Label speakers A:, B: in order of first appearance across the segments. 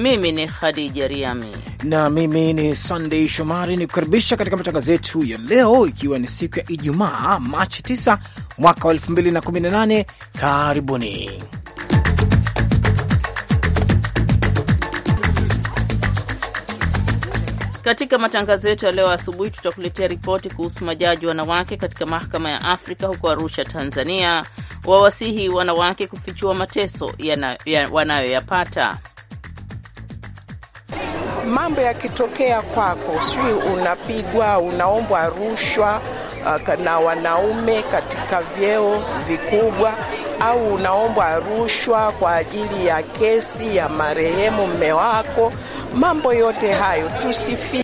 A: mimi ni Khadija Riami
B: na mimi ni Sunday Shomari, ni kukaribisha katika matangazo yetu ya leo, ikiwa ni siku ya Ijumaa Machi 9 mwaka wa 2018. Karibuni
A: katika matangazo yetu ya leo asubuhi. Tutakuletea ripoti kuhusu majaji wanawake katika mahakama ya Afrika huko Arusha, Tanzania, wawasihi wanawake kufichua mateso wanayoyapata ya
C: mambo yakitokea kwako, sijui unapigwa, unaombwa rushwa uh, na wanaume katika vyeo vikubwa au unaombwa rushwa kwa ajili ya kesi ya marehemu mme wako, mambo yote hayo tusifi.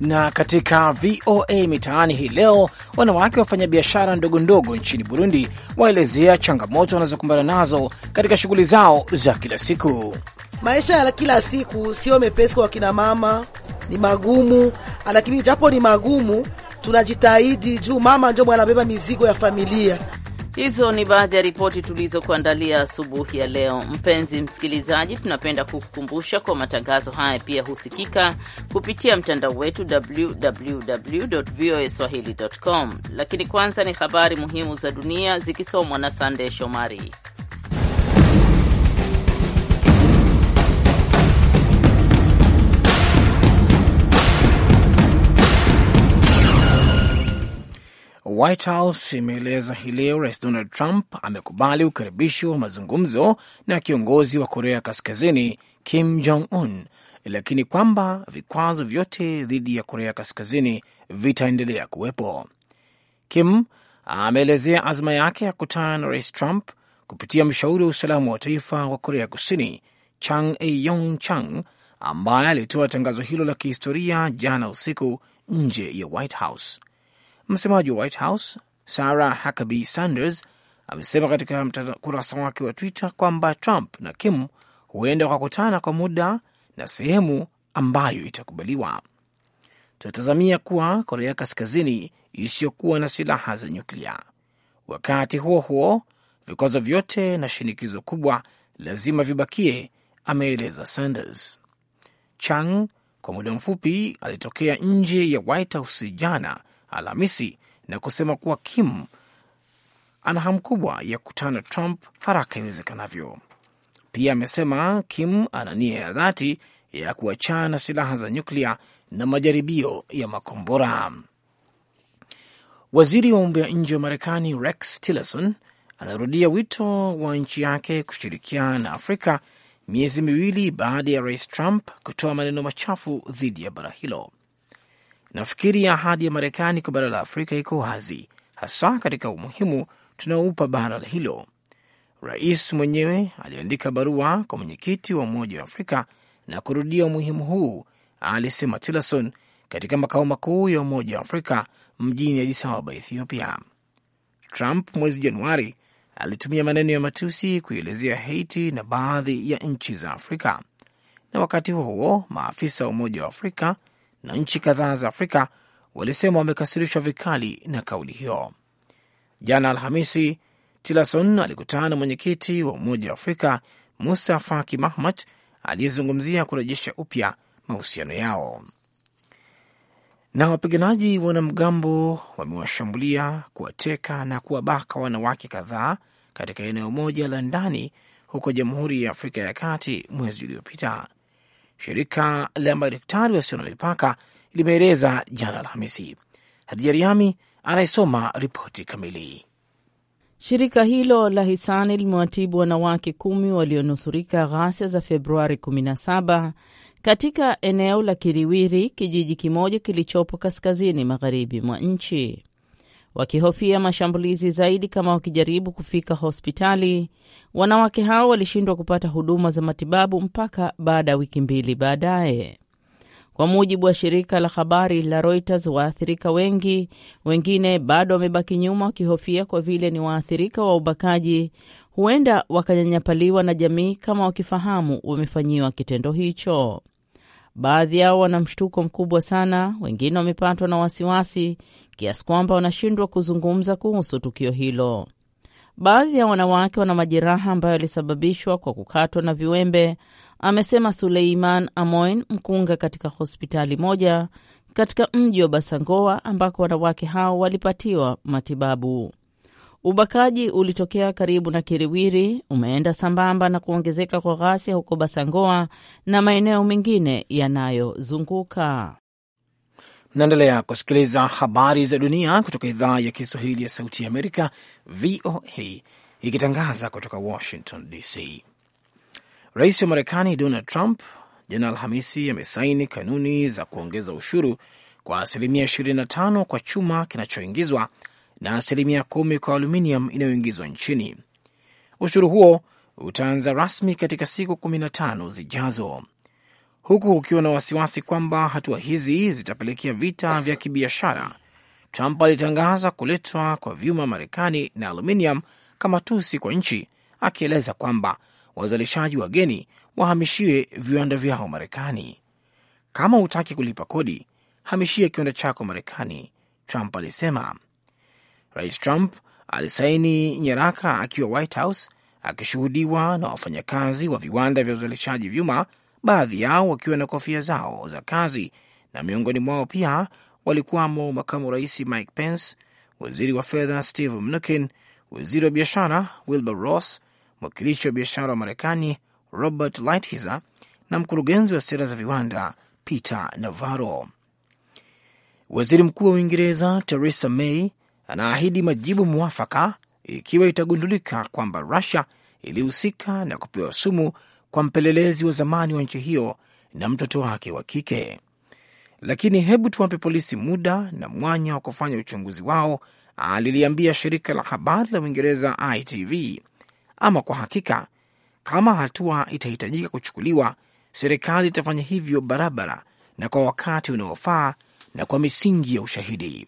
B: Na katika VOA Mitaani hii leo, wanawake wafanyabiashara ndogo ndogo nchini Burundi waelezea changamoto wanazokumbana nazo katika shughuli zao za kila siku
D: maisha ya kila siku sio mepesi kwa kina mama, ni magumu, lakini japo ni magumu, tunajitahidi juu mama ndio anabeba mizigo ya familia.
A: Hizo ni baadhi ya ripoti tulizokuandalia asubuhi ya leo. Mpenzi msikilizaji, tunapenda kukukumbusha kwa matangazo haya pia husikika kupitia mtandao wetu www voa swahili com, lakini kwanza ni habari muhimu za dunia zikisomwa na sandey Shomari.
B: White House imeeleza hii leo Rais Donald Trump amekubali ukaribishi wa mazungumzo na kiongozi wa Korea Kaskazini Kim Jong Un, lakini kwamba vikwazo vyote dhidi ya Korea Kaskazini vitaendelea kuwepo. Kim ameelezea azma yake ya kutana na Rais Trump kupitia mshauri wa usalama wa taifa wa Korea Kusini Chang eyong Chang ambaye alitoa tangazo hilo la kihistoria jana usiku nje ya White House. Msemaji wa White House Sarah Huckabee Sanders amesema katika kurasa wake wa Twitter kwamba Trump na Kim huenda wakakutana kwa muda na sehemu ambayo itakubaliwa. Tunatazamia kuwa Korea Kaskazini isiyokuwa na silaha za nyuklia. Wakati huo huo, vikwazo vyote na shinikizo kubwa lazima vibakie, ameeleza Sanders. Chang kwa muda mfupi alitokea nje ya White House jana Alhamisi na kusema kuwa Kim ana hamu kubwa ya kukutana Trump haraka iwezekanavyo. Pia amesema Kim ana nia ya dhati ya kuachana na silaha za nyuklia na majaribio ya makombora. Waziri wa mambo ya nje wa Marekani Rex Tillerson anarudia wito wa nchi yake kushirikiana na Afrika miezi miwili baada ya rais Trump kutoa maneno machafu dhidi ya bara hilo. Nafikiri ya ahadi ya Marekani kwa bara la Afrika iko wazi, hasa katika umuhimu tunaoupa bara hilo. Rais mwenyewe aliandika barua kwa mwenyekiti wa Umoja wa Afrika na kurudia umuhimu huu, alisema Tillerson katika makao makuu ya Umoja wa Afrika mjini Addis Ababa, Ethiopia. Trump mwezi Januari alitumia maneno ya matusi kuielezea Haiti na baadhi ya nchi za Afrika, na wakati huo huo maafisa wa Umoja wa Afrika na nchi kadhaa za Afrika walisema wamekasirishwa vikali na kauli hiyo. Jana Alhamisi, Tillerson alikutana na mwenyekiti wa Umoja wa Afrika Musa Faki Mahamat aliyezungumzia kurejesha upya mahusiano yao. Na wapiganaji wanamgambo wamewashambulia, kuwateka na kuwabaka wanawake kadhaa katika eneo moja la ndani huko Jamhuri ya Afrika ya Kati mwezi uliopita shirika la madaktari wasio na mipaka limeeleza jana Alhamisi. Hadija Riami anayesoma ripoti kamili.
A: Shirika hilo la hisani limewatibu wanawake kumi walionusurika ghasia za Februari 17 katika eneo la Kiriwiri, kijiji kimoja kilichopo kaskazini magharibi mwa nchi wakihofia mashambulizi zaidi kama wakijaribu kufika hospitali. Wanawake hao walishindwa kupata huduma za matibabu mpaka baada ya wiki mbili baadaye. Kwa mujibu wa shirika la habari la Reuters, waathirika wengi wengine bado wamebaki nyuma, wakihofia kwa vile ni waathirika wa ubakaji, huenda wakanyanyapaliwa na jamii kama wakifahamu wamefanyiwa kitendo hicho. Baadhi yao wana mshtuko mkubwa sana, wengine wamepatwa na wasiwasi kiasi kwamba wanashindwa kuzungumza kuhusu tukio hilo. Baadhi ya wanawake wana majeraha ambayo yalisababishwa kwa kukatwa na viwembe, amesema Suleiman Amoin, mkunga katika hospitali moja katika mji wa Basangoa ambako wanawake hao walipatiwa matibabu. Ubakaji ulitokea karibu na Kiriwiri, umeenda sambamba na kuongezeka kwa ghasia huko
B: Basangoa na maeneo mengine yanayozunguka. Mnaendelea kusikiliza habari za dunia kutoka idhaa ya Kiswahili ya Sauti ya Amerika, VOA, ikitangaza kutoka Washington DC. Rais wa Marekani Donald Trump jana Alhamisi amesaini kanuni za kuongeza ushuru kwa asilimia 25 kwa chuma kinachoingizwa na asilimia kumi kwa aluminium inayoingizwa nchini. Ushuru huo utaanza rasmi katika siku 15 zijazo, huku ukiwa na wasiwasi kwamba hatua hizi zitapelekea vita vya kibiashara. Trump alitangaza kuletwa kwa vyuma Marekani na aluminium kama tusi kwa nchi, akieleza kwamba wazalishaji wageni wahamishie viwanda vyao Marekani. Kama hutaki kulipa kodi, hamishie kiwanda chako Marekani, Trump alisema. Rais Trump alisaini nyaraka akiwa White House akishuhudiwa na wafanyakazi wa viwanda vya uzalishaji vyuma, baadhi yao wakiwa na kofia zao za kazi, na miongoni mwao pia walikuwamo makamu rais Mike Pence, waziri wa fedha Steve Mnuchin, waziri wa biashara Wilbur Ross, mwakilishi wa biashara wa Marekani Robert Lighthizer na mkurugenzi wa sera za viwanda Peter Navarro. Waziri Mkuu wa Uingereza Theresa May anaahidi majibu mwafaka ikiwa itagundulika kwamba Rusia ilihusika na kupewa sumu kwa mpelelezi wa zamani wa nchi hiyo na mtoto wake wa kike. Lakini hebu tuwape polisi muda na mwanya wa kufanya uchunguzi wao, aliliambia shirika la habari la Uingereza ITV. Ama kwa hakika, kama hatua itahitajika kuchukuliwa, serikali itafanya hivyo barabara na kwa wakati unaofaa na kwa misingi ya ushahidi.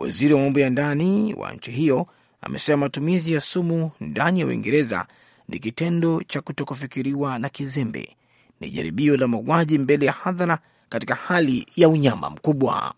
B: Waziri wa mambo ya ndani wa nchi hiyo amesema matumizi ya sumu ndani ya Uingereza ni kitendo cha kutokufikiriwa na kizembe, ni jaribio la mauaji mbele ya hadhara katika hali ya unyama mkubwa.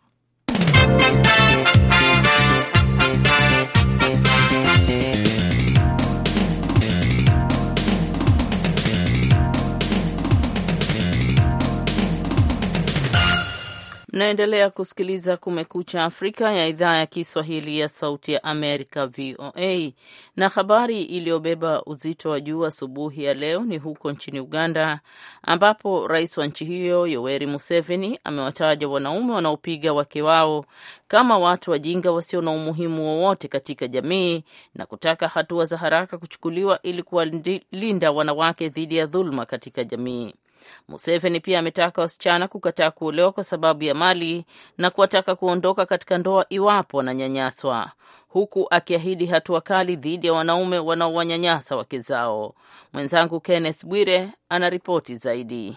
A: Mnaendelea kusikiliza Kumekucha Afrika ya idhaa ya Kiswahili ya Sauti ya Amerika, VOA. Na habari iliyobeba uzito wa juu asubuhi ya leo ni huko nchini Uganda, ambapo rais wa nchi hiyo Yoweri Museveni amewataja wanaume wanaopiga wake wao kama watu wajinga wasio na umuhimu wowote katika jamii na kutaka hatua za haraka kuchukuliwa ili kuwalinda wanawake dhidi ya dhuluma katika jamii. Museveni pia ametaka wasichana kukataa kuolewa kwa sababu ya mali na kuwataka kuondoka katika ndoa iwapo wananyanyaswa, huku akiahidi hatua kali dhidi ya wanaume wanaowanyanyasa wake zao. Mwenzangu Kenneth Bwire ana ripoti zaidi.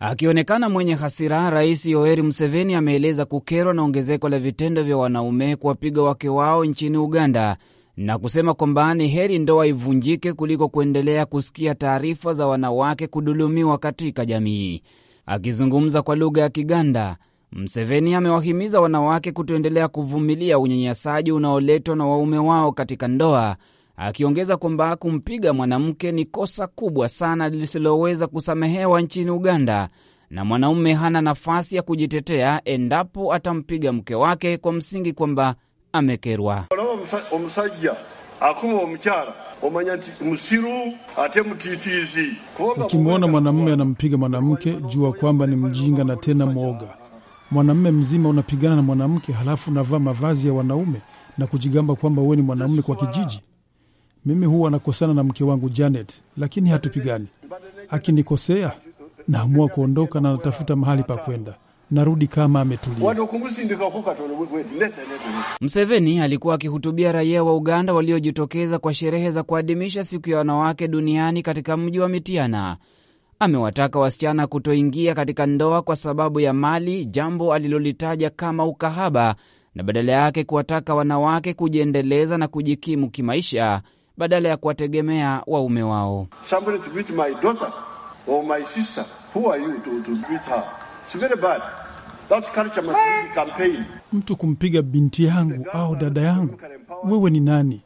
E: Akionekana mwenye hasira, Rais Yoweri Museveni ameeleza kukerwa na ongezeko la vitendo vya wanaume kuwapiga wake wao nchini Uganda na kusema kwamba ni heri ndoa ivunjike kuliko kuendelea kusikia taarifa za wanawake kudhulumiwa katika jamii. Akizungumza kwa lugha ya Kiganda, Mseveni amewahimiza wanawake kutoendelea kuvumilia unyanyasaji unaoletwa na waume wao katika ndoa, akiongeza kwamba kumpiga mwanamke ni kosa kubwa sana lisiloweza kusamehewa nchini Uganda, na mwanaume hana nafasi ya kujitetea endapo atampiga mke wake kwa msingi kwamba amekerwa omusajja akuma omukyala omanya nti musiru ate mutiitiizi. Ukimwona
F: mwanamume anampiga mwanamke, jua kwamba ni mjinga na tena mwoga. Mwanamume mzima unapigana na mwanamke, halafu unavaa mavazi ya wanaume na kujigamba kwamba huwe ni mwanamume kwa kijiji. Mimi huwa nakosana na mke wangu Janet, lakini hatupigani. Akinikosea naamua kuondoka na natafuta mahali pa kwenda narudi kama ametulia.
E: Mseveni alikuwa akihutubia raia wa Uganda waliojitokeza kwa sherehe za kuadhimisha siku ya wanawake duniani katika mji wa Mitiana. Amewataka wasichana kutoingia katika ndoa kwa sababu ya mali, jambo alilolitaja kama ukahaba, na badala yake kuwataka wanawake kujiendeleza na kujikimu kimaisha badala ya kuwategemea waume wao. To beat my daughter or my sister, who are you to, to beat her? It's very bad. That culture must campaign.
F: Mtu kumpiga binti yangu au dada yangu, wewe ni nani?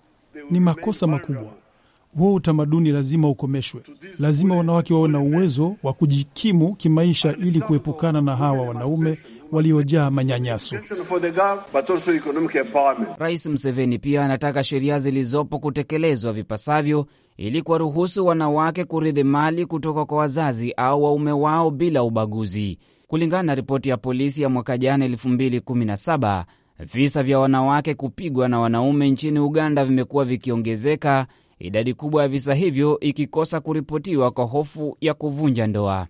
F: Ni makosa makubwa. Huo utamaduni lazima ukomeshwe. Lazima wanawake wawe na uwezo wa kujikimu kimaisha ili kuepukana na hawa wanaume waliojaa manyanyaso.
E: Rais Mseveni pia anataka sheria zilizopo kutekelezwa vipasavyo ili kuwaruhusu wanawake kurithi mali kutoka kwa wazazi au waume wao bila ubaguzi. Kulingana na ripoti ya polisi ya mwaka jana 2017, visa vya wanawake kupigwa na wanaume nchini Uganda vimekuwa vikiongezeka, idadi kubwa ya visa hivyo ikikosa kuripotiwa kwa hofu ya kuvunja ndoa.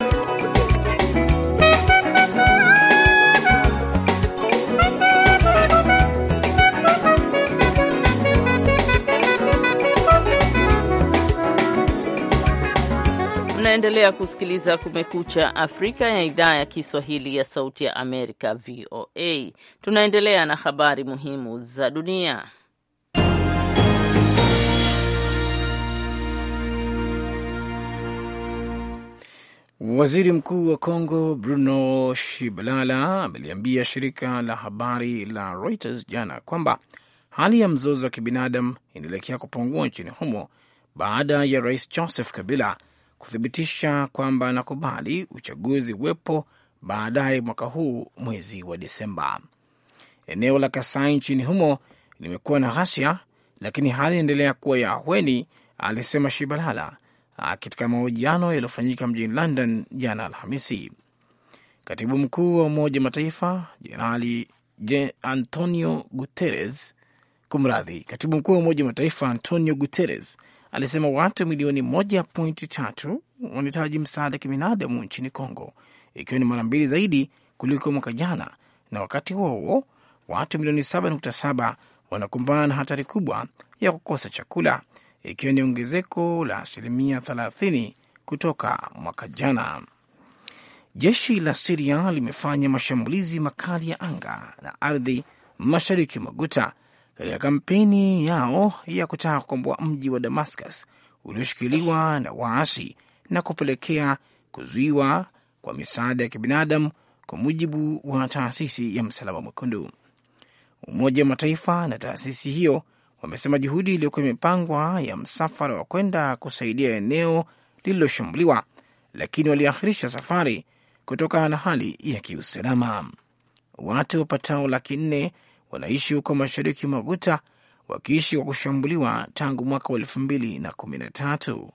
A: Unaendelea kusikiliza Kumekucha Afrika ya idhaa ya Kiswahili ya Sauti ya Amerika, VOA. Tunaendelea na habari muhimu za dunia.
B: Waziri Mkuu wa Kongo Bruno Shibalala ameliambia shirika la habari la Reuters jana kwamba hali ya mzozo wa kibinadamu inaelekea kupungua nchini humo baada ya Rais Joseph Kabila kuthibitisha kwamba anakubali uchaguzi uwepo baadaye mwaka huu mwezi wa Desemba. Eneo la Kasai nchini humo limekuwa na ghasia, lakini hali inaendelea kuwa ya ahueni, alisema Shibalala katika mahojiano yaliyofanyika mjini London jana Alhamisi. Katibu mkuu wa Umoja wa Mataifa Jenerali Antonio Guterres, kumradhi, katibu mkuu wa Umoja wa Mataifa Antonio Guterres alisema watu milioni moja pointi tatu wanahitaji msaada kibinadamu nchini congo ikiwa ni mara mbili zaidi kuliko mwaka jana, na wakati huo huo watu milioni 7.7 wanakumbana na hatari kubwa ya kukosa chakula, ikiwa ni ongezeko la asilimia 30 kutoka mwaka jana. Jeshi la Siria limefanya mashambulizi makali ya anga na ardhi mashariki mwa katika kampeni yao ya kutaka kukomboa mji wa Damascus ulioshikiliwa na waasi na kupelekea kuzuiwa kwa misaada ya kibinadamu, kwa mujibu wa taasisi ya Msalaba Mwekundu. Umoja wa Mataifa na taasisi hiyo wamesema juhudi iliyokuwa imepangwa ya msafara wa kwenda kusaidia eneo lililoshambuliwa, lakini waliahirisha safari kutokana na hali ya kiusalama. Watu wapatao laki nne wanaishi huko mashariki mwa Guta wakiishi kwa kushambuliwa tangu mwaka wa elfu mbili na kumi na tatu.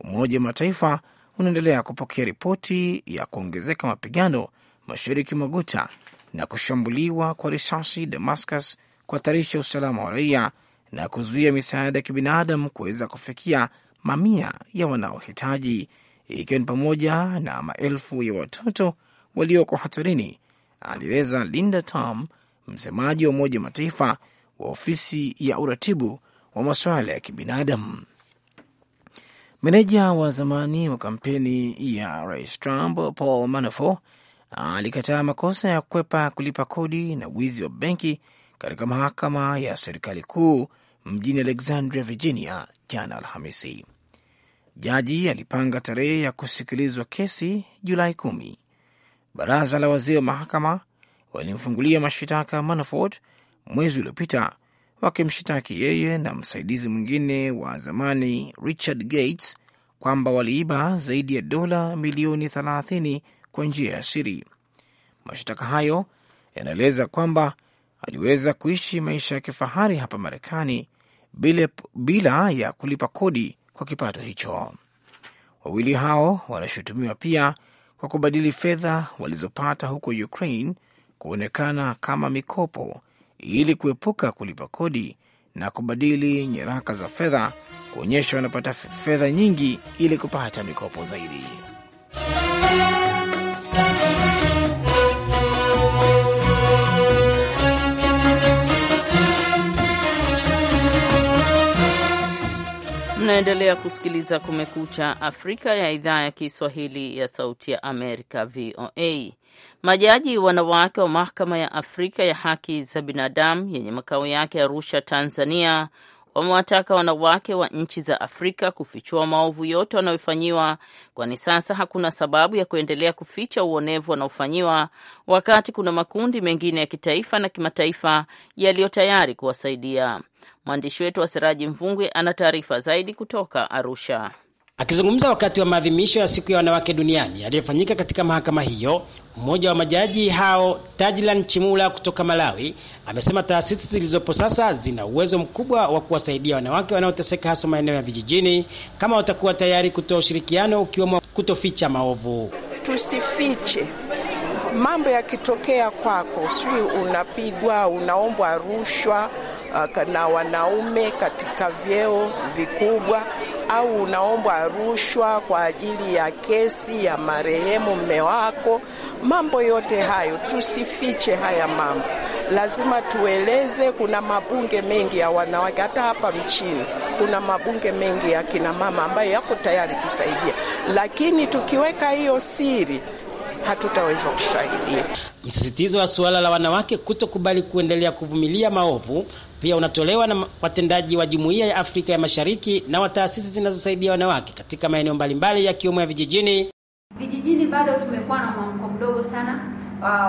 B: Umoja wa Mataifa unaendelea kupokea ripoti ya kuongezeka mapigano mashariki mwa Guta na kushambuliwa kwa risasi Damascus kuhatarisha usalama wa raia na kuzuia misaada ya kibinadamu kuweza kufikia mamia ya wanaohitaji, ikiwa ni pamoja na maelfu ya watoto walioko hatarini, alieleza Linda Tom, msemaji wa Umoja wa Mataifa wa ofisi ya uratibu wa masuala ya kibinadamu. Meneja wa zamani wa kampeni ya rais Trump, Paul Manafort, alikataa makosa ya kukwepa kulipa kodi na wizi wa benki katika mahakama ya serikali kuu mjini Alexandria, Virginia, jana Alhamisi. Jaji alipanga tarehe ya kusikilizwa kesi Julai kumi. Baraza la wazee wa mahakama walimfungulia mashitaka Manafort mwezi uliopita, wakimshitaki yeye na msaidizi mwingine wa zamani Richard Gates kwamba waliiba zaidi ya dola milioni 30 kwa njia ya siri. mashtaka hayo yanaeleza kwamba aliweza kuishi maisha ya kifahari hapa Marekani bila, bila ya kulipa kodi kwa kipato hicho. Wawili hao wanashutumiwa pia kwa kubadili fedha walizopata huko Ukraine kuonekana kama mikopo ili kuepuka kulipa kodi na kubadili nyaraka za fedha kuonyesha wanapata fedha nyingi ili kupata mikopo zaidi.
A: Mnaendelea kusikiliza Kumekucha Afrika ya idhaa ya Kiswahili ya Sauti ya Amerika, VOA. Majaji wanawake wa Mahakama ya Afrika ya Haki za Binadamu yenye makao yake Arusha, Tanzania, wamewataka wanawake wa nchi za Afrika kufichua maovu yote wanayofanyiwa, kwani sasa hakuna sababu ya kuendelea kuficha uonevu wanaofanyiwa, wakati kuna makundi mengine ya kitaifa na kimataifa yaliyo tayari kuwasaidia. Mwandishi wetu wa Seraji Mvungwe ana taarifa zaidi kutoka Arusha.
D: Akizungumza wakati wa maadhimisho ya siku ya wanawake duniani yaliyofanyika katika mahakama hiyo, mmoja wa majaji hao Tajlan Chimula kutoka Malawi amesema taasisi zilizopo sasa zina uwezo mkubwa wa kuwasaidia wanawake wanaoteseka haswa maeneo ya vijijini, kama watakuwa tayari kutoa ushirikiano, ukiwemo kutoficha maovu.
C: Tusifiche mambo yakitokea kwako, sijui unapigwa, unaombwa rushwa uh, na wanaume katika vyeo vikubwa au unaombwa rushwa kwa ajili ya kesi ya marehemu mme wako. Mambo yote hayo tusifiche haya mambo, lazima tueleze. Kuna mabunge mengi ya wanawake, hata hapa mchini kuna mabunge mengi ya kinamama ambayo yako tayari kusaidia, lakini tukiweka hiyo siri hatutaweza kusaidia.
D: Msisitizo wa suala la wanawake kutokubali kuendelea kuvumilia maovu pia unatolewa na watendaji wa Jumuiya ya Afrika ya Mashariki na wa taasisi zinazosaidia wanawake katika maeneo mbalimbali yakiwemo ya vijijini.
G: Vijijini bado tumekuwa na mwamko mdogo sana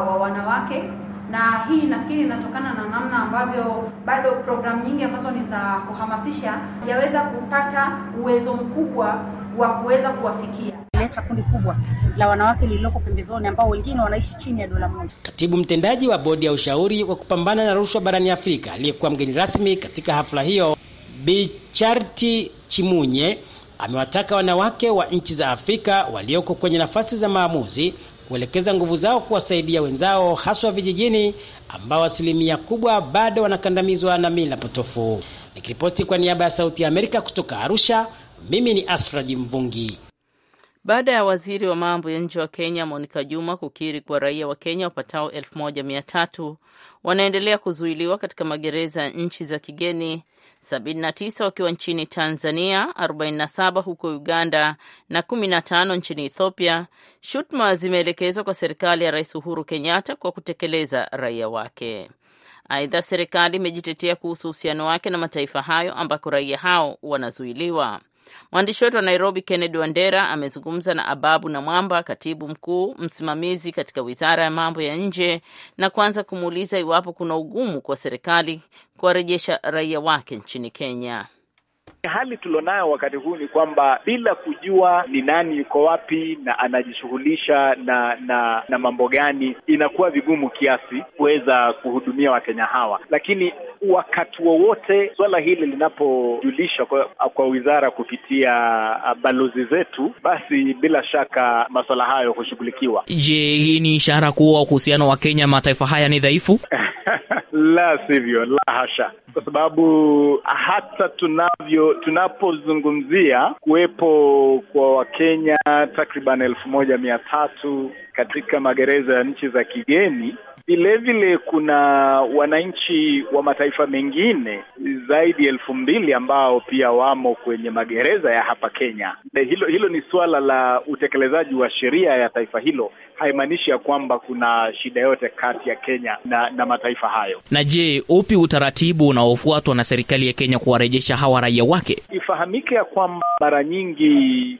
G: wa wanawake, na hii nafikiri inatokana na namna ambavyo bado programu nyingi ambazo ni za kuhamasisha yaweza kupata uwezo mkubwa wa kuweza kuwafikia wanaliacha kundi kubwa la wanawake lililoko pembezoni ambao wengine wanaishi chini ya dola moja.
D: Katibu mtendaji wa bodi ya ushauri wa kupambana na rushwa barani Afrika aliyekuwa mgeni rasmi katika hafla hiyo, Bi Charity Chimunye amewataka wanawake wa nchi za Afrika walioko kwenye nafasi za maamuzi kuelekeza nguvu zao kuwasaidia wenzao haswa vijijini ambao asilimia kubwa bado wanakandamizwa na mila potofu. Nikiripoti kwa niaba ya Sauti ya Amerika kutoka Arusha, mimi ni Asraji Mvungi
A: baada ya waziri wa mambo ya nje wa Kenya Monica Juma kukiri kuwa raia wa Kenya wapatao elfu moja mia tatu wanaendelea kuzuiliwa katika magereza ya nchi za kigeni 79 wakiwa nchini Tanzania, 47 huko Uganda na 15 nchini Ethiopia. Shutuma zimeelekezwa kwa serikali ya Rais Uhuru Kenyatta kwa kutekeleza raia wake. Aidha, serikali imejitetea kuhusu uhusiano wake na mataifa hayo ambako raia hao wanazuiliwa. Mwandishi wetu wa Nairobi, Kennedy Wandera, amezungumza na Ababu na Mwamba, katibu mkuu msimamizi katika wizara ya mambo ya nje, na kuanza kumuuliza iwapo kuna ugumu kwa serikali kuwarejesha raia wake nchini Kenya.
F: Hali tulionayo wakati huu ni kwamba bila kujua ni nani yuko wapi na anajishughulisha na na na mambo gani, inakuwa vigumu kiasi kuweza kuhudumia Wakenya hawa, lakini wakati wowote suala hili linapojulishwa kwa, kwa wizara kupitia ah, balozi zetu, basi bila shaka masuala hayo hushughulikiwa.
E: Je, hii ni ishara kuwa uhusiano wa Kenya mataifa haya ni dhaifu?
F: La sivyo, la hasha, kwa sababu hata tunavyo tunapozungumzia kuwepo kwa Wakenya takriban elfu moja mia tatu katika magereza ya nchi za kigeni Vilevile kuna wananchi wa mataifa mengine zaidi ya elfu mbili ambao pia wamo kwenye magereza ya hapa Kenya. Hilo, hilo ni suala la utekelezaji wa sheria ya taifa hilo haimaanishi ya kwamba kuna shida yote kati ya Kenya na, na mataifa hayo.
E: Na je, upi utaratibu unaofuatwa na serikali ya Kenya kuwarejesha hawa raia wake?
F: Ifahamike ya kwamba mara nyingi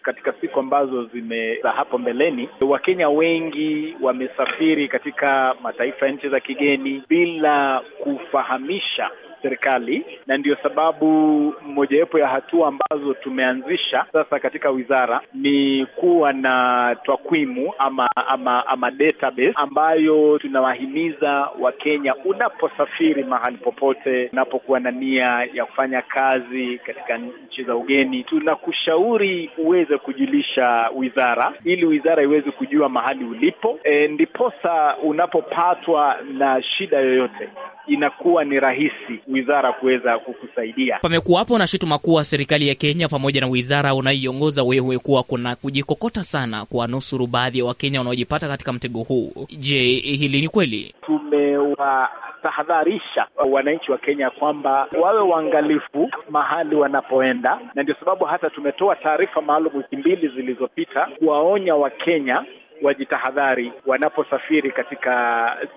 F: katika siku ambazo zime za hapo mbeleni, Wakenya wengi wamesafiri katika mataifa ya nchi za kigeni bila kufahamisha serikali, na ndiyo sababu mojawapo ya hatua ambazo tumeanzisha sasa katika wizara ni kuwa na takwimu ama, ama, ama database ambayo tunawahimiza Wakenya, unaposafiri mahali popote, unapokuwa na nia ya kufanya kazi katika nchi za ugeni, tunakushauri uweze kujulisha wizara ili wizara iweze kujua mahali ulipo, e, ndiposa unapopatwa na shida yoyote inakuwa ni rahisi wizara kuweza kukusaidia.
E: Pamekuwapo na shutuma kuwa serikali ya Kenya pamoja na wizara unaiongoza wewe kuwa kuna kujikokota sana kwa nusuru baadhi ya Wakenya wanaojipata katika mtego huu. Je, hili ni kweli?
F: Tumewa tahadharisha wananchi wa Kenya kwamba wawe waangalifu mahali wanapoenda, na ndio sababu hata tumetoa taarifa maalum wiki mbili zilizopita kuwaonya Wakenya wajitahadhari wanaposafiri katika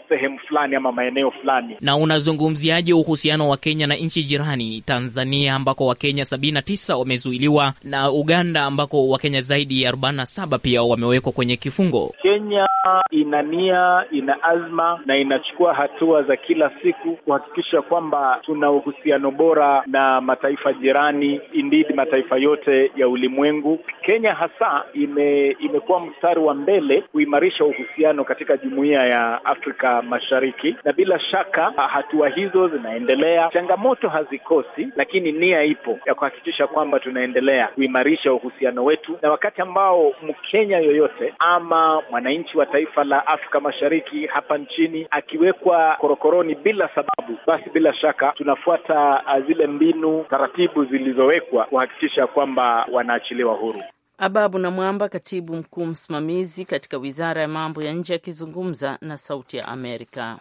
F: sehemu fulani ama maeneo fulani.
E: Na unazungumziaje uhusiano wa Kenya na nchi jirani Tanzania, ambako Wakenya 79 tisa wamezuiliwa na Uganda ambako Wakenya zaidi ya 47 pia wamewekwa kwenye kifungo.
F: Kenya ina nia, ina azma na inachukua hatua za kila siku kuhakikisha kwamba tuna uhusiano bora na mataifa jirani, indeed mataifa yote ya ulimwengu. Kenya hasa ime, imekuwa mstari wa mbele yake kuimarisha uhusiano katika jumuiya ya Afrika Mashariki, na bila shaka hatua hizo zinaendelea. Changamoto hazikosi, lakini nia ipo ya kuhakikisha kwamba tunaendelea kuimarisha uhusiano wetu, na wakati ambao Mkenya yoyote ama mwananchi wa taifa la Afrika Mashariki hapa nchini akiwekwa korokoroni bila sababu, basi bila shaka tunafuata ah, zile mbinu, taratibu zilizowekwa kuhakikisha kwamba wanaachiliwa huru.
A: Ababu na Mwamba, katibu mkuu msimamizi katika wizara ya mambo ya nje, akizungumza na Sauti ya Amerika.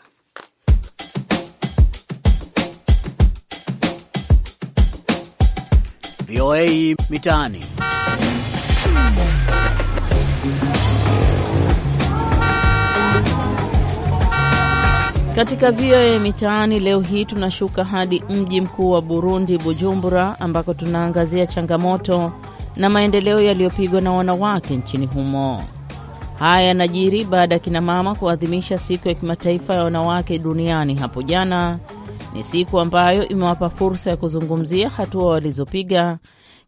B: VOA Mitaani.
A: Katika VOA Mitaani leo hii tunashuka hadi mji mkuu wa Burundi, Bujumbura, ambako tunaangazia changamoto na maendeleo yaliyopigwa na wanawake nchini humo. Haya yanajiri baada ya kinamama kuadhimisha siku ya kimataifa ya wanawake duniani hapo jana. Ni siku ambayo imewapa fursa ya kuzungumzia hatua walizopiga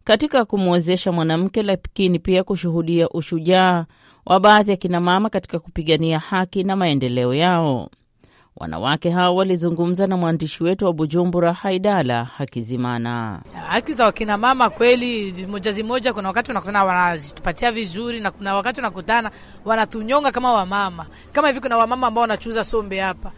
A: katika kumwezesha mwanamke, lakini pia kushuhudia ushujaa wa baadhi ya kinamama katika kupigania haki na maendeleo yao. Wanawake hao walizungumza na mwandishi wetu wa Bujumbura, Haidala Hakizimana. Haki za wakinamama kweli, moja zimoja, kuna wakati unakutana wanazitupatia vizuri, na kuna wakati unakutana wanatunyonga kama wamama. Kama hivi, kuna wamama ambao wanachuuza sombe hapa,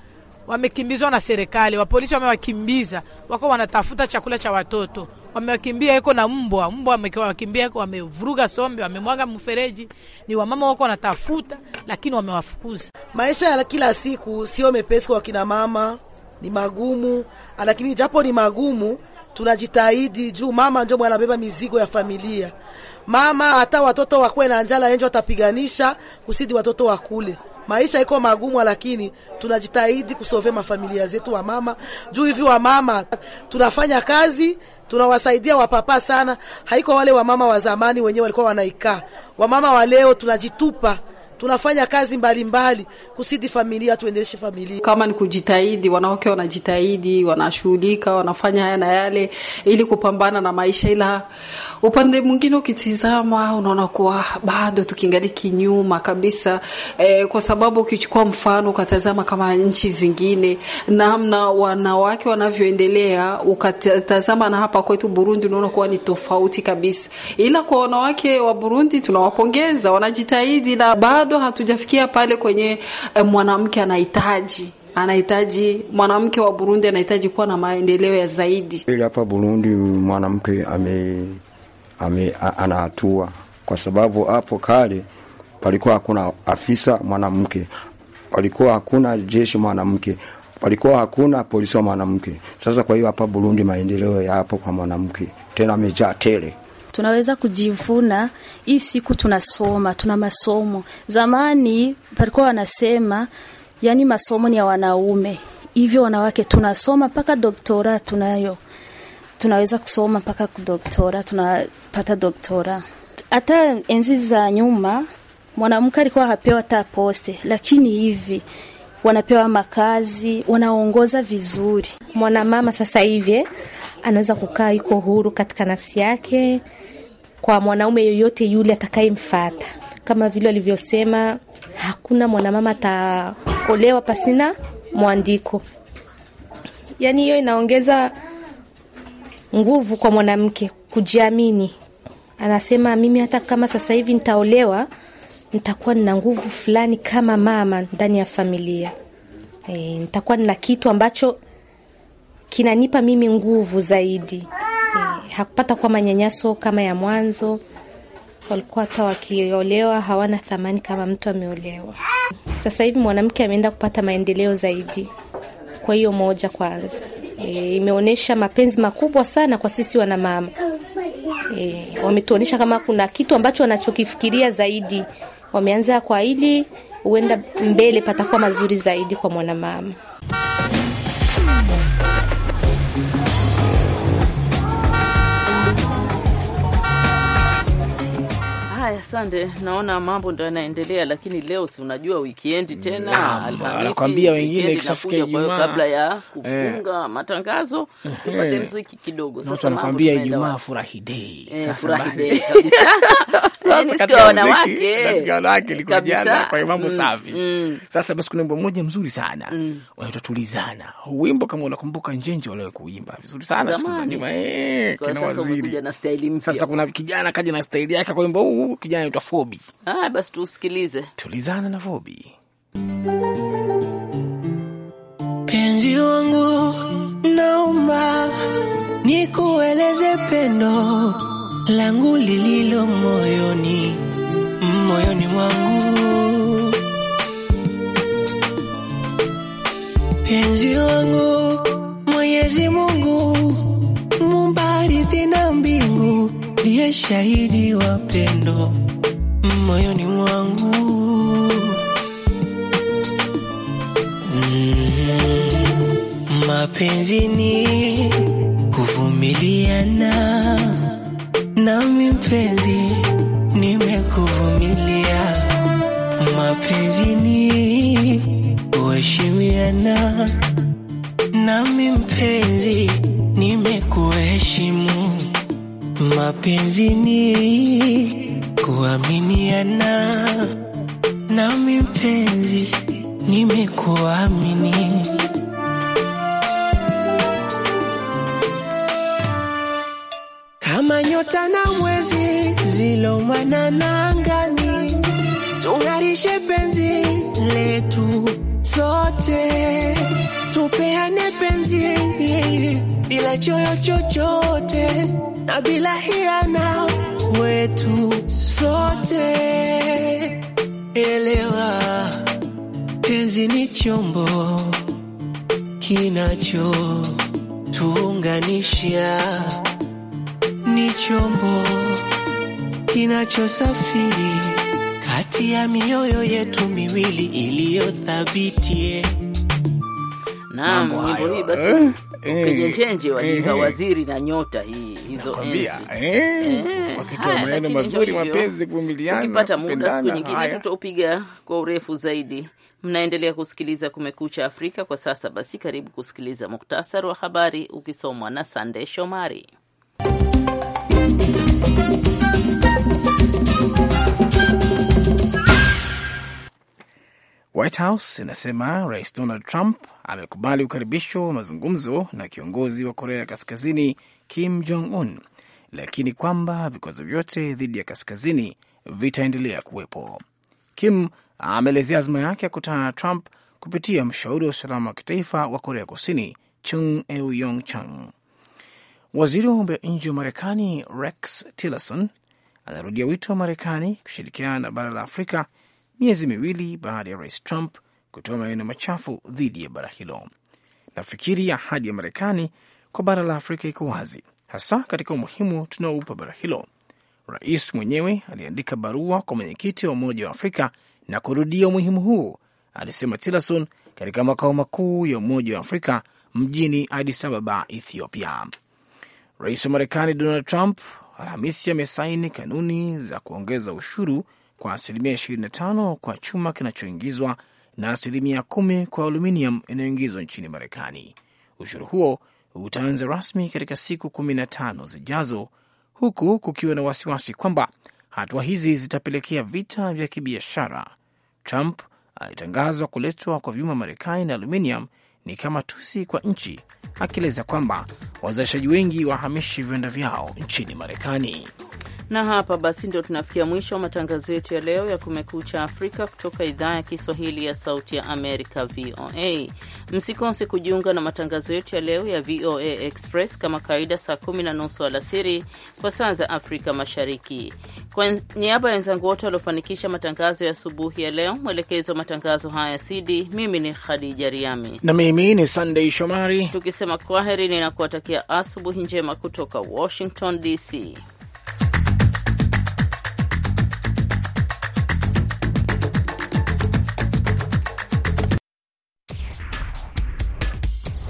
A: wamekimbizwa
C: na serikali, wapolisi wamewakimbiza, wako wanatafuta chakula cha watoto wamewakimbia iko na mbwa mbwa, wamekimbia iko wamevuruga sombe, wamemwaga mfereji. Ni wamama wako
D: wanatafuta, lakini wamewafukuza. Maisha ya kila siku sio mepesi kwa kina mama, ni magumu, ah, lakini japo ni magumu tunajitahidi juu mama ndio mwanabeba mizigo ya familia. Mama hata watoto wakuwe na njala, enjo watapiganisha kusidi watoto wakule maisha iko magumu, lakini tunajitahidi kusove mafamilia zetu wa mama juu hivi wa mama tunafanya kazi tunawasaidia wapapa sana, haiko wale wamama wa zamani wenyewe walikuwa wanaikaa. Wamama wa leo tunajitupa tunafanya kazi mbalimbali mbali, kusidi familia tuendeshe familia. Kama ni kujitahidi, wanawake wanajitahidi, wanashughulika, wanafanya haya na yale ili kupambana na maisha, ila upande mwingine ukitizama, unaona kuwa bado tukiangali kinyuma kabisa e, kwa sababu ukichukua mfano ukatazama kama nchi zingine namna wanawake wanavyoendelea, ukatazama na hapa kwetu Burundi, unaona kuwa ni tofauti kabisa, ila kwa wanawake wa Burundi tunawapongeza, wanajitahidi na bado bado hatujafikia pale kwenye eh, mwanamke anahitaji anahitaji mwanamke wa Burundi anahitaji kuwa na maendeleo ya zaidi.
F: Ili hapa Burundi mwanamke ame, ame anahatua, kwa sababu hapo kale palikuwa hakuna afisa mwanamke, palikuwa hakuna jeshi mwanamke, palikuwa hakuna polisi wa mwanamke. Sasa kwa hiyo hapa Burundi maendeleo yapo kwa mwanamke tena amejaa tele
G: tunaweza kujivuna hii siku tunasoma, tuna masomo. Zamani palikuwa wanasema yani masomo ni ya wanaume, hivyo wanawake tunasoma mpaka doktora tunayo, tunaweza kusoma mpaka kudoktora, tunapata doktora. Hata enzi za nyuma mwanamke alikuwa hapewa hata poste, lakini hivi wanapewa makazi, wanaongoza vizuri. Mwanamama sasa hivi anaweza kukaa iko huru katika nafsi yake kwa mwanaume yoyote yule atakayemfata. Kama vile walivyosema, hakuna mwanamama ataolewa pasina mwandiko. Yaani hiyo inaongeza nguvu kwa mwanamke kujiamini. Anasema mimi hata kama sasa hivi nitaolewa, nitakuwa nina nguvu fulani kama mama ndani ya familia e, nitakuwa nina kitu ambacho kinanipa mimi nguvu zaidi. E, hakupata kwa manyanyaso kama ya mwanzo. Walikuwa hata wakiolewa hawana thamani kama mtu ameolewa. Sasa hivi mwanamke ameenda kupata maendeleo zaidi. Kwa hiyo moja kwanza e, eh, imeonyesha mapenzi makubwa sana kwa sisi wanamama e, eh, wametuonyesha kama kuna kitu ambacho wanachokifikiria zaidi. Wameanza kwa hili, huenda mbele patakuwa mazuri zaidi kwa mwanamama.
A: Haya, sande, naona mambo ndo yanaendelea, lakini leo si unajua wikiendi tena, Alhamisi wengine ikishafika Ijumaa, kabla ya kufunga eh, matangazo eh. tupate mziki kidogo. Sasa anakuambia
B: Ijumaa furahi dei, eh, sasa basi, kuna wimbo mmoja mzuri sana mm, wanaitwa Tulizana. Wimbo kama unakumbuka, Njenje waliwahi kuimba vizuri sana siku za nyuma. Eh, sasa kuna kijana kaja na staili yake kwa wimbo huu kijana anaitwa Fobi. Ah, basi tusikilize, tulizana na Fobi. Penzi
H: wangu, naomba nikueleze pendo langu lililo moyoni moyoni mwangu. Penzi wangu, Mwenyezi Mungu mumbariki na mbingu ndiye shahidi wa pendo moyoni mwangu mm. Mapenzi ni kuvumiliana, nami mpenzi nimekuvumilia. Mapenzi ni kuheshimiana, nami mpenzi nimekuheshimu mapenzi ni kuaminiana, nami mpenzi, nimekuamini. Kama nyota na mwezi na angani, tung'arishe penzi letu sote, tupeane penzi bila choyo chochote na bila hiana wetu sote. Elewa, penzi ni chombo kinachotuunganisha, ni chombo kinachosafiri kati ya mioyo yetu miwili iliyothabiti. Naam,
A: nyimbo hii basi eh? Eh, chenje waliva eh, eh. waziri na nyota hii hizo wakitoa maneno mazuri, mapenzi, kuvumiliana. Ukipata muda siku nyingine tutaupiga kwa urefu zaidi. Mnaendelea kusikiliza Kumekucha Afrika kwa sasa. Basi karibu kusikiliza muktasari wa habari ukisomwa na Sandey Shomari.
B: White House inasema Rais Donald Trump amekubali ukaribisho wa mazungumzo na kiongozi wa Korea Kaskazini Kim Jong Un, lakini kwamba vikwazo vyote dhidi ya Kaskazini vitaendelea kuwepo. Kim ameelezea azma yake ya kutana na Trump kupitia mshauri wa usalama wa kitaifa wa Korea Kusini Chung Euyong Chang. Waziri wa mambo ya nje wa Marekani Rex Tillerson anarudia wito wa Marekani kushirikiana na bara la Afrika miezi miwili baada ya rais Trump kutoa maneno machafu dhidi ya bara hilo. Nafikiri ahadi ya Marekani kwa bara la Afrika iko wazi, hasa katika umuhimu tunaoupa bara hilo. Rais mwenyewe aliandika barua kwa mwenyekiti wa Umoja wa Afrika na kurudia umuhimu huo, alisema Tillerson katika makao makuu ya Umoja wa Afrika mjini Addis Ababa, Ethiopia. Rais wa Marekani Donald Trump Alhamisi amesaini kanuni za kuongeza ushuru kwa asilimia 25 kwa chuma kinachoingizwa na asilimia kumi kwa aluminium inayoingizwa nchini Marekani. Ushuru huo utaanza rasmi katika siku 15 zijazo, huku kukiwa na wasiwasi kwamba hatua hizi zitapelekea vita vya kibiashara. Trump alitangazwa kuletwa kwa vyuma Marekani na aluminium ni kama tusi kwa nchi, akieleza kwamba wazalishaji wengi wahamishi viwanda vyao nchini Marekani.
A: Na hapa basi ndio tunafikia mwisho wa matangazo yetu ya leo ya Kumekucha Afrika kutoka idhaa ya Kiswahili ya Sauti ya Amerika, VOA. Msikose kujiunga na matangazo yetu ya leo ya VOA Express kama kawaida, saa kumi na nusu alasiri kwa saa za Afrika Mashariki. Kwa niaba ya wenzangu wote waliofanikisha matangazo ya asubuhi ya leo, mwelekezi wa matangazo haya Sidi, mimi ni Khadija Riami na
B: mimi ni Sandei Shomari,
A: tukisema kwaheri ninakuwatakia asubuhi njema kutoka Washington DC.